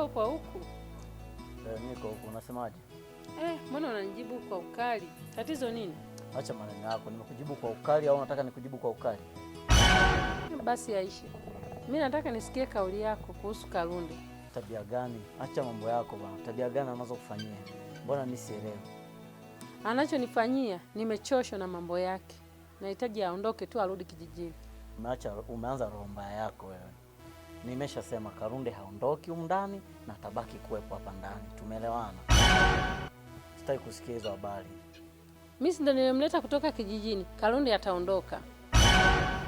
Kumbe uko huku? Eh, kwa huku. Unasemaje? Eh, mbona unanijibu kwa ukali? Tatizo nini? Acha maneno yako. Nimekujibu kwa ukali au unataka nikujibu kwa ukali? Basi Aisha, mimi nataka nisikie kauli yako kuhusu karundi Tabia gani? Acha mambo yako bwana. Tabia gani anazokufanyia? Mbona mimi sielewi? Anachonifanyia, nimechoshwa na mambo yake. Nahitaji aondoke tu arudi kijijini. Umeacha, umeanza roho mbaya yako wewe. Nimeshasema Karunde haondoki umndani na tabaki kuwepo hapa ndani, tumeelewana? Sitaki kusikia hizo habari. Mimi si ndo nimemleta kutoka kijijini. Karunde ataondoka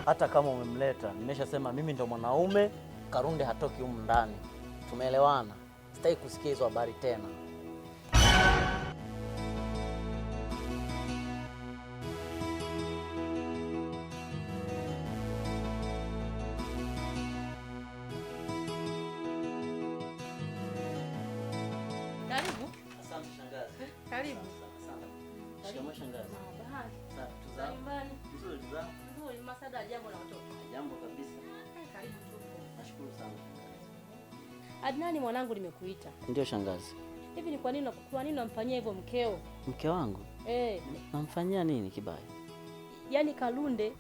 hata kama umemleta. Nimeshasema mimi ndo mwanaume, Karunde hatoki humu ndani, tumeelewana? Sitaki kusikia hizo habari tena. Adnani mwanangu, nimekuita. Ndio shangazi. Hivi ni kwa nini kwa nini unamfanyia hivyo mkeo? Mke wangu? Eh. Namfanyia nini kibaya? Yaani Kalunde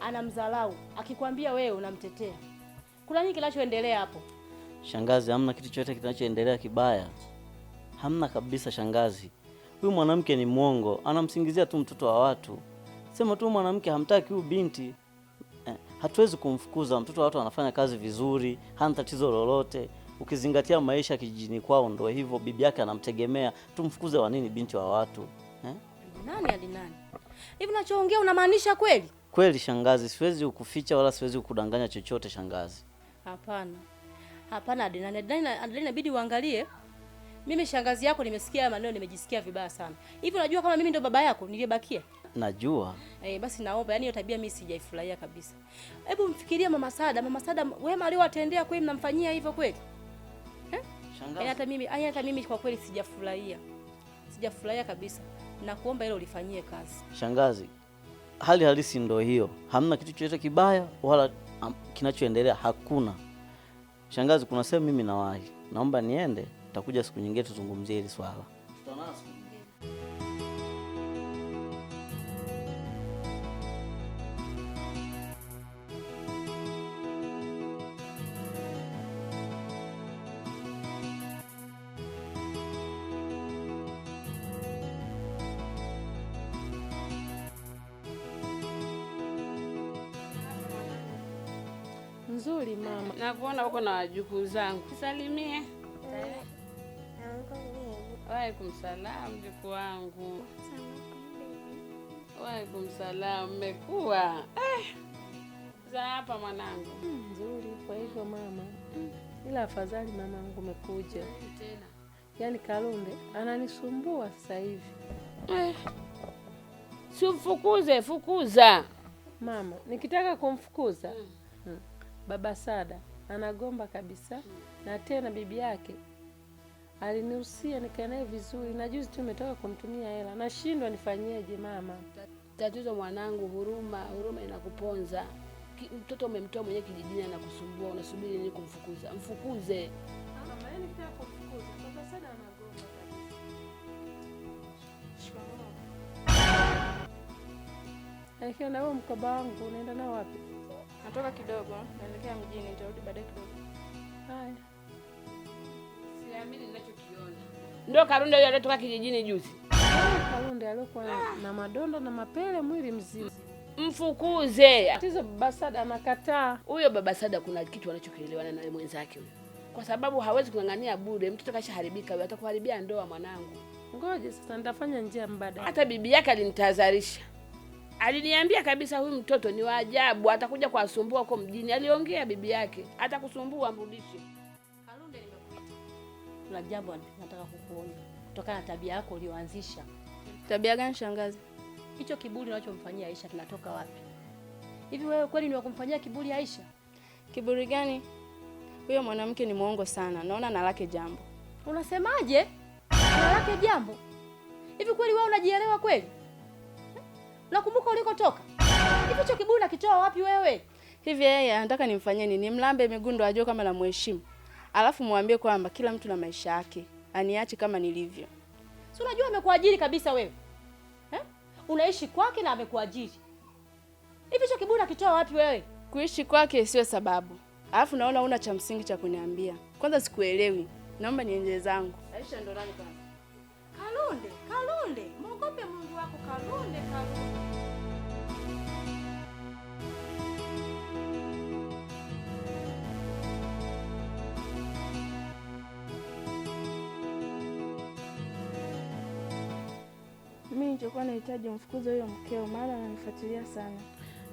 anamdharau, akikwambia wewe unamtetea. Kuna nini kinachoendelea hapo? Shangazi, hamna kitu chochote kinachoendelea kibaya, hamna kabisa shangazi. Huyu mwanamke ni mwongo, anamsingizia tu mtoto wa watu. Sema tu mwanamke hamtaki huyu binti eh. Hatuwezi kumfukuza mtoto wa watu, anafanya kazi vizuri, hana tatizo lolote ukizingatia maisha kijijini kwao ndo hivyo, bibi yake anamtegemea. Tumfukuze wa nini binti wa watu eh? Nani hadi nani? Hivi unachoongea unamaanisha kweli? Kweli shangazi, siwezi kukuficha wala siwezi kukudanganya chochote shangazi. Hapana, hapana Adinani, Adinani, Adinani inabidi uangalie. Mimi shangazi yako nimesikia maneno, nimejisikia vibaya sana. Hivi unajua kama mimi ndo baba yako niliyebakia? Najua. Eh, basi naomba, yani hiyo tabia mimi sijaifurahia kabisa. Hebu mfikirie mama Sada, mama Sada wema aliowatendea kweli, mnamfanyia hivyo kweli? Yaani hata mimi, yaani hata mimi kwa kweli sijafurahia. Sijafurahia kabisa. Nakuomba hilo ulifanyie kazi. Shangazi, hali halisi ndio hiyo. Hamna kitu chochote kibaya wala kinachoendelea hakuna. Shangazi, kuna sehemu mimi nawahi. Naomba niende, nitakuja siku nyingine tuzungumzie hili swala. unavyoona huko na wajukuu zangu, salimie. Waalaikum salam mjukuu wangu. Waalaikum salam, mmekuwa eh, za hapa mwanangu mm, nzuri. Kwa hivyo mama, ila afadhali mamangu umekuja tena, yaani Kalunde ananisumbua sasa hivi eh. Si mfukuze, fukuza mama. Nikitaka kumfukuza hmm. Hmm. Baba Sada anagomba kabisa, na tena bibi yake alinihusia nikae naye vizuri, na juzi tu umetoka kumtumia hela. Nashindwa nifanyeje mama. Tatizo mwanangu, huruma, huruma inakuponza. Mtoto umemtoa mwenyewe kijijini, anakusumbua, unasubiri nini kumfukuza? Mfukuze yaani akiwa na huo mkoba wangu unaenda nao wapi? Natoka kidogo, naelekea mjini, nitarudi baadaye kidogo. Haya. Siamini ninachokiona. Ndio Karunde yule aliyetoka kijijini juzi. Karunde aliyokuwa na madonda na mapele mwili mzima. Mfukuze. Tatizo Baba Sada anakataa. Huyo Baba Sada kuna kitu anachokielewana na mwenzake huyo. Kwa sababu hawezi kung'ang'ania bure, mtoto kashaharibika, atakuharibia ndoa mwanangu. Ngoja sasa nitafanya njia mbadala. Hata bibi yake alinitahadharisha. Aliniambia kabisa huyu mtoto ni waajabu, atakuja kuwasumbua huko mjini. Aliongea bibi yake, atakusumbua mrudishe. Kalunde, kuna jambo nataka kukuona kutokana na tabia yako ulioanzisha. Tabia gani shangazi? Hicho kiburi unachomfanyia Aisha kinatoka wapi? Hivi wewe kweli ni wakumfanyia kiburi Aisha? Kiburi gani? Huyo mwanamke ni mwongo sana, naona na lake jambo. Unasemaje? Na lake jambo? Hivi kweli wewe unajielewa kweli? nakumbuka ulikotoka? hicho kibuyu nakitoa wapi wewe? Hivi yeye anataka nimfanyie nini? Nimlambe miguu ndo ajue kama namheshimu. Alafu mwambie kwamba kila mtu na maisha yake. Aniache kama nilivyo. Si unajua amekuajiri kabisa wewe. Eh? Unaishi kwake na amekuajiri. Hivi hicho kibuyu nakitoa wapi wewe? Kuishi kwake sio sababu. Alafu naona una cha msingi cha kuniambia. Kwanza sikuelewi. Naomba niende zangu. Aisha ndo nani kwanza? Kalonde, Kalonde. nitakuwa nahitaji mfukuzo huyo mkeo, maana ananifuatilia sana.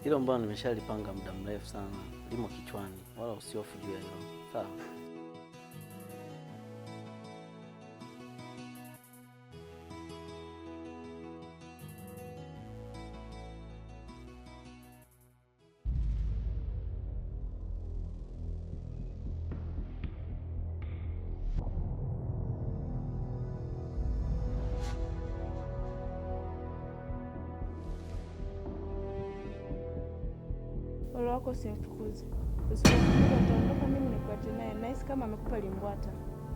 Hilo ambalo nimeshalipanga muda mrefu sana, limo kichwani, wala usihofu juu ya hilo, sawa? Ole wako usimfukuze. Usipomfukuza ataondoka, mimi nikuache naye. Nahisi kama amekupa limbwata.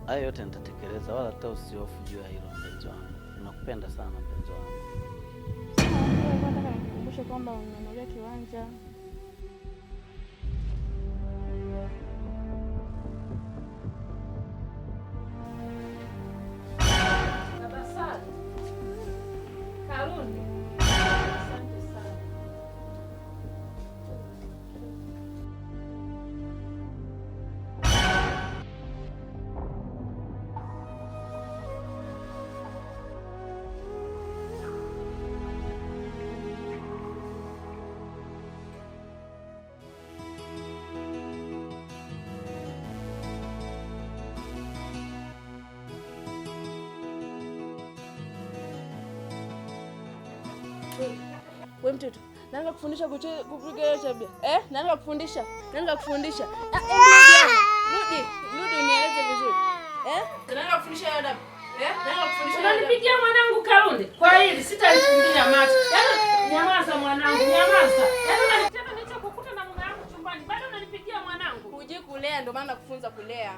Hayo yote nitatekeleza, wala hata usihofu juu ya hilo mpenzi wangu. Nakupenda sana mpenzi wangu. Nataka nikukumbushe kwamba unanulia kiwanja Wewe mtoto, naanza kufundisha kupiga hiyo tabia eh? Naanza kufundisha, naanza kufundisha. Rudi, eh, eh, rudi ah. unieleze vizuri eh? Nani kufundisha hiyo adabu eh? Nani kufundisha. Unanipigia mwanangu kaunde kwa hili, sitalifungia macho. Yaani Nyamaza mwanangu, nyamaza. Yaani unanitaka nicho kukuta na mume wangu chumbani, bado unanipigia mwanangu. Hujui kulea, ndio maana nakufunza kulea.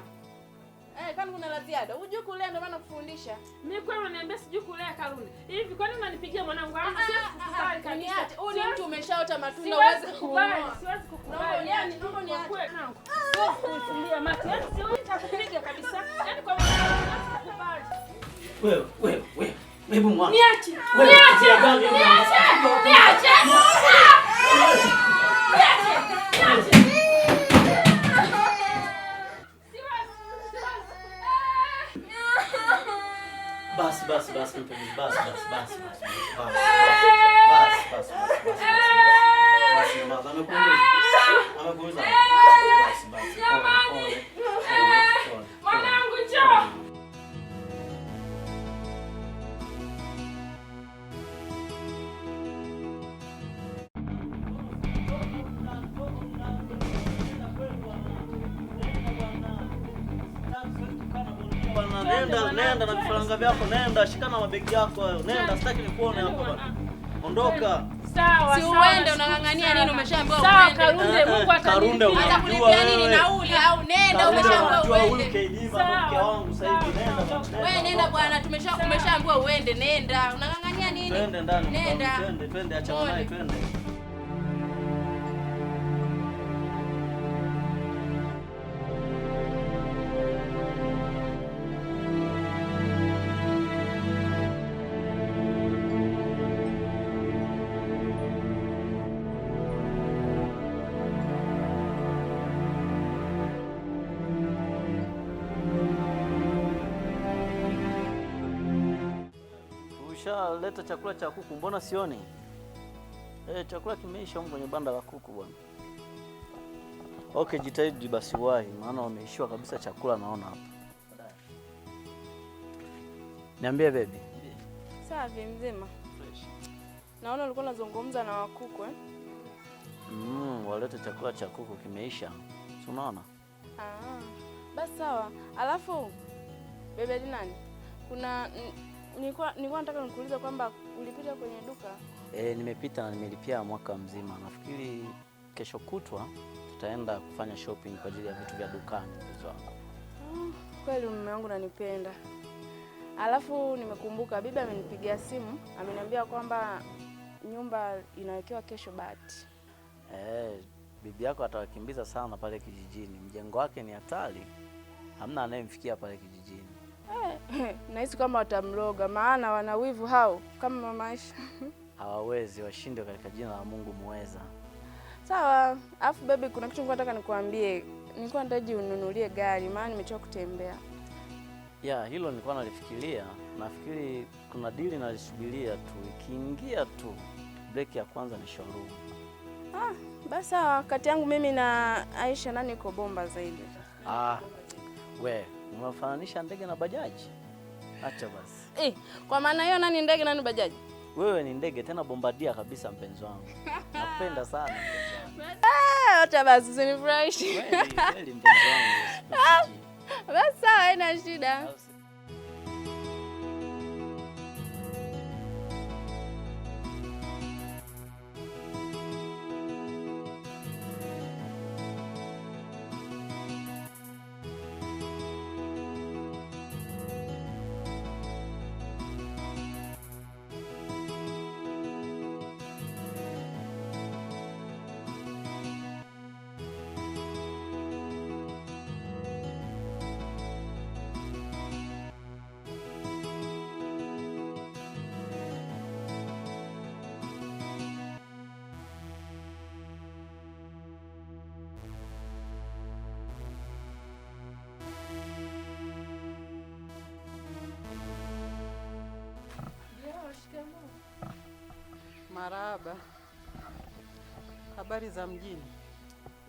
Eh, Kalune kuna la ziada. Hujui kulea ndio maana kufundisha. Mimi kwa nini niambia sijui kulea Kalune. Hivi kwa nini unanipigia mwanangu? Ah, sikubali ah, ah, kabisa. Huyu ni mtu umeshaota matunda uweze kuona. Siwezi kukubali. Ah. Yaani yako. Wewe Kusilia mate. Yaani siwezi nitakupiga kabisa. Yaani kwa maana mwanangu. Wewe, wewe, wewe. Hebu mwana. Niache. Niache. Niache. nenda nenda na vifaranga vyako, nenda shikana mabegi yako hayo, nenda, sitaki nikuone hapo bana, ondoka. Sawa, si uende, unang'ang'ania nini? Umeshaambiwa uende. Karunde, eh, Mungu nini? Nauli au nenda, umeshaambiwa uende. Wewe nenda bwana, tumesha umeshaambiwa uende, nenda. Unang'ang'ania nini? Twende ndani. Twende, twende, acha naye twende. leta chakula cha kuku, mbona sioni? Eh, chakula kimeisha huko kwenye banda la kuku bwana. Okay, jitahidi basi wahi, maana wameishiwa kabisa chakula naona hapa. Niambie baby. Safi mzima. Fresh. Naona ulikuwa unazungumza na wakuku eh? Mm, walete chakula cha kuku kimeisha. Si unaona? Ah. Basi sawa. Alafu bebe ni nani? Kuna nilikuwa nilikuwa nataka nikuulize kwamba ulipita kwenye duka? E, nimepita na nimelipia mwaka mzima. Nafikiri kesho kutwa tutaenda kufanya shopping kwa ajili ya vitu vya dukani wangu. Mm, kweli mume wangu nanipenda. Alafu nimekumbuka bibi amenipigia simu, ameniambia kwamba nyumba inawekewa kesho bati. E, bibi yako atawakimbiza sana pale kijijini. Mjengo wake ni hatari, hamna anayemfikia pale kijijini. Eh, nahisi kama watamloga, maana wana wivu hao kama maisha hawawezi washinde katika jina la Mungu muweza. Sawa, alafu bebi kuna kitu nilikuwa nataka nikuambie. Nilikuwa nataji ununulie gari, maana nimechoka kutembea. Ya hilo nilikuwa nalifikiria, nafikiri kuna dili nalisubiria tu, ikiingia tu breki ya kwanza ni showroom. Ah, basi sawa, kati yangu mimi na Aisha nani iko bomba zaidi? Ah, we Unafananisha ndege na bajaji? Acha basi. Eh, kwa maana hiyo nani ndege nani bajaji? Wewe ni ndege tena bombardia kabisa mpenzi wangu. napenda sana. Eh, acha basi usinifurahishi. Kweli mpenzi wangu. Basi sawa, haina shida. Maraba. habari za mjini?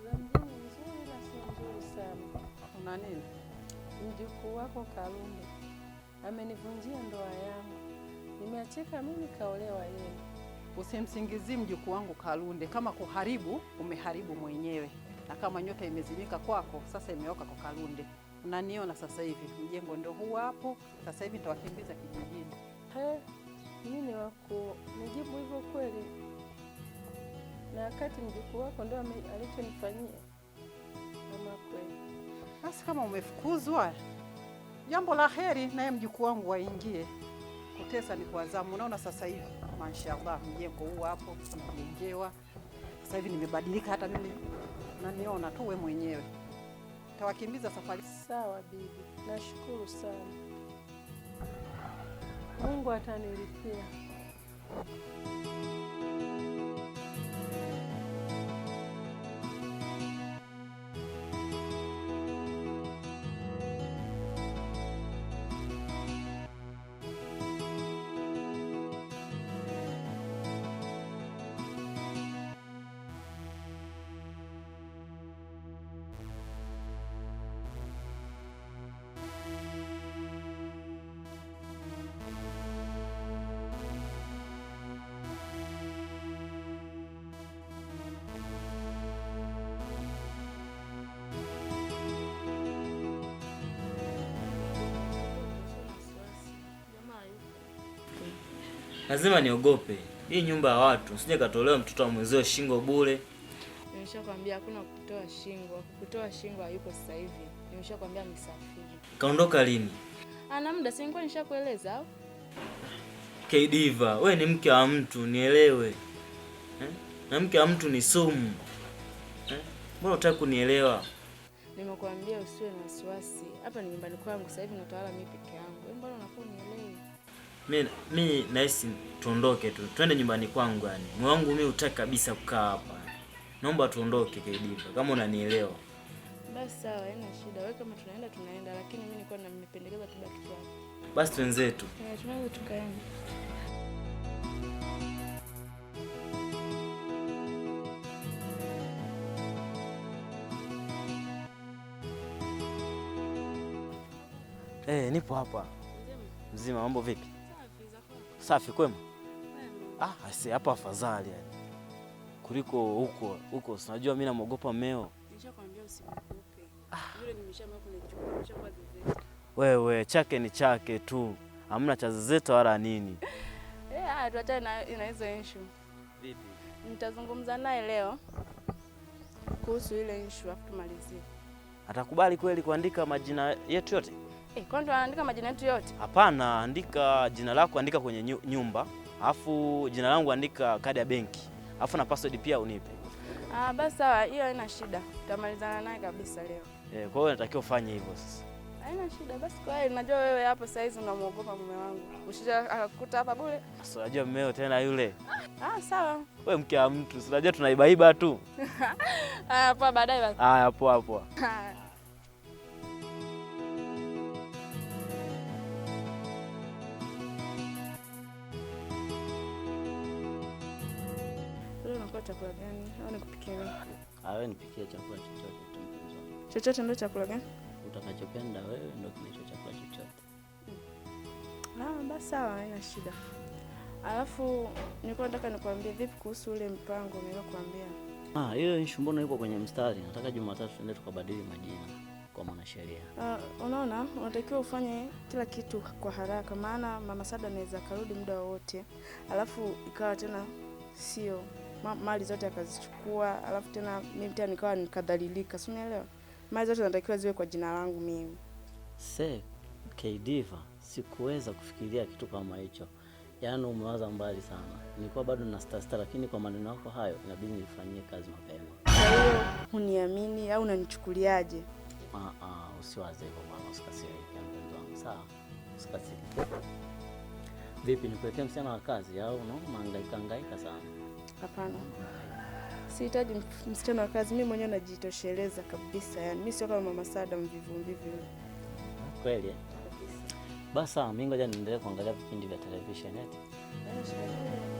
Za mjini nzuri na si nzuri sana. Una nini? Mjukuu wako kalunde amenivunjia ndoa yangu, nimeachika mimi, kaolewa yeye. Usimsingizie mjukuu wangu Kalunde, kama kuharibu umeharibu mwenyewe, na kama nyota imezimika kwako, sasa imeoka kwa Kalunde. Unaniona sasa hivi, mjengo ndio huu hapo, sasa hivi nitawakimbiza kijijini ni wako nijibu hivyo kweli? Na wakati mjukuu wako ndo alichonifanyia. mama kweli basi, kama umefukuzwa, jambo la heri, naye mjukuu wangu waingie kutesa ni kwa zamu. Unaona sasa hivi, mashaallah, mjengo huu hapo mjengewa sasa hivi nimebadilika, hata mimi naniona tu we mwenyewe. Tawakimbiza safari. Sawa bibi, nashukuru sana. Mungu atanilipia. lazima niogope hii nyumba ya watu, sije katolewa mtoto wa mwenzio shingo bure. Nimeshakwambia hakuna kutoa shingo, kutoa shingo hayupo sasa hivi. Nimeshakwambia msafiri. Kaondoka lini? Ana muda, si nilikuwa nishakueleza au? Kdiva, we ni mke wa mtu, nielewe eh? na mke wa mtu ni sumu eh? Mbona unataka kunielewa? Nimekuambia usiwe na wasiwasi, hapa ni nyumbani kwangu, sasa hivi natawala mimi peke yangu. Mbona mi, mi nahisi tuondoke tu, twende nyumbani kwangu. Yani moyo wangu mi utaki kabisa kukaa hapa, naomba tuondoke Kidiva, kama unanielewa. Basi sawa, haina shida. Wewe kama tunaenda tunaenda, lakini mimi niko nilikuwa nimependekeza tubaki kwako. Basi twenzetu. Eh, tunaweza tukaenda. Eh, nipo hapa. Mzima, mambo vipi? Safi kwema? Ah, asi hapa afadhali yani. Kuliko huko huko, sinajua mimi namuogopa mmeo. Nishakwambia Yule Wewe chake ni chake tu. Hamna cha zezeta wala nini. Eh, ah, tuachane na hizo issue. Vipi? Nitazungumza naye leo kuhusu ile issue afu tumalizie. Atakubali kweli kuandika majina yetu yote? Eh, kwani tunaandika majina yetu yote? Hapana, andika jina lako, andika kwenye nyumba, alafu jina langu andika kadi ya benki, alafu na password pia unipe. Ah, basi sawa, hiyo haina shida, tutamalizana naye kabisa leo. Eh, kwa hiyo natakiwa ufanye hivyo sasa. Haina shida, basi kwa hiyo najua wewe hapo saa hizi unamuogopa mume wangu, ushija akakuta hapa bure. Sasa unajua mmeo tena yule. Ah, sawa. Wewe mke wa mtu, sinajua tunaibaiba tu. Ah, poa, baadaye basi. Ah, poa poa. chakula gani au nikupikie Awe nipikie chakula chochote tu Chochote ndio chakula gani? Utakachopenda wewe ndio kinacho chakula chochote. Mm. Ah, basi sawa, haina shida. Alafu nilikuwa nataka nikwambie vipi kuhusu ule mpango niliokuambia. Ah, hiyo issue mbona iko kwenye mstari? Nataka Jumatatu tuende tukabadili majina kwa mwanasheria. Uh, unaona unatakiwa ufanye kila kitu kwa haraka, maana mama Sada anaweza akarudi muda wowote, alafu ikawa tena sio mali zote akazichukua, alafu tena mimi tena nikawa nikadhalilika, si unaelewa? Mali zote natakiwa ziwe kwa jina langu mimi. Se Kdiva, sikuweza kufikiria kitu kama hicho, yaani umewaza mbali sana. Nilikuwa bado na stasta, lakini kwa maneno yako hayo inabidi nifanyie kazi mapema. Kwa hiyo huniamini au unanichukuliaje? Ah, ah, usiwaze hivyo mwana, usikasirike mpenzi wangu, sawa? Usikasirike. Vipi, nikuwekee msichana wa kazi au no? Mahangaika hangaika sana Hapana, sihitaji msichana wa kazi. Mimi mwenyewe najitosheleza kabisa, yani mimi sio kama mama Sada mvivu mvivu. Kweli basa, mimi ngoja niendelee kuangalia vipindi vya televisheni eti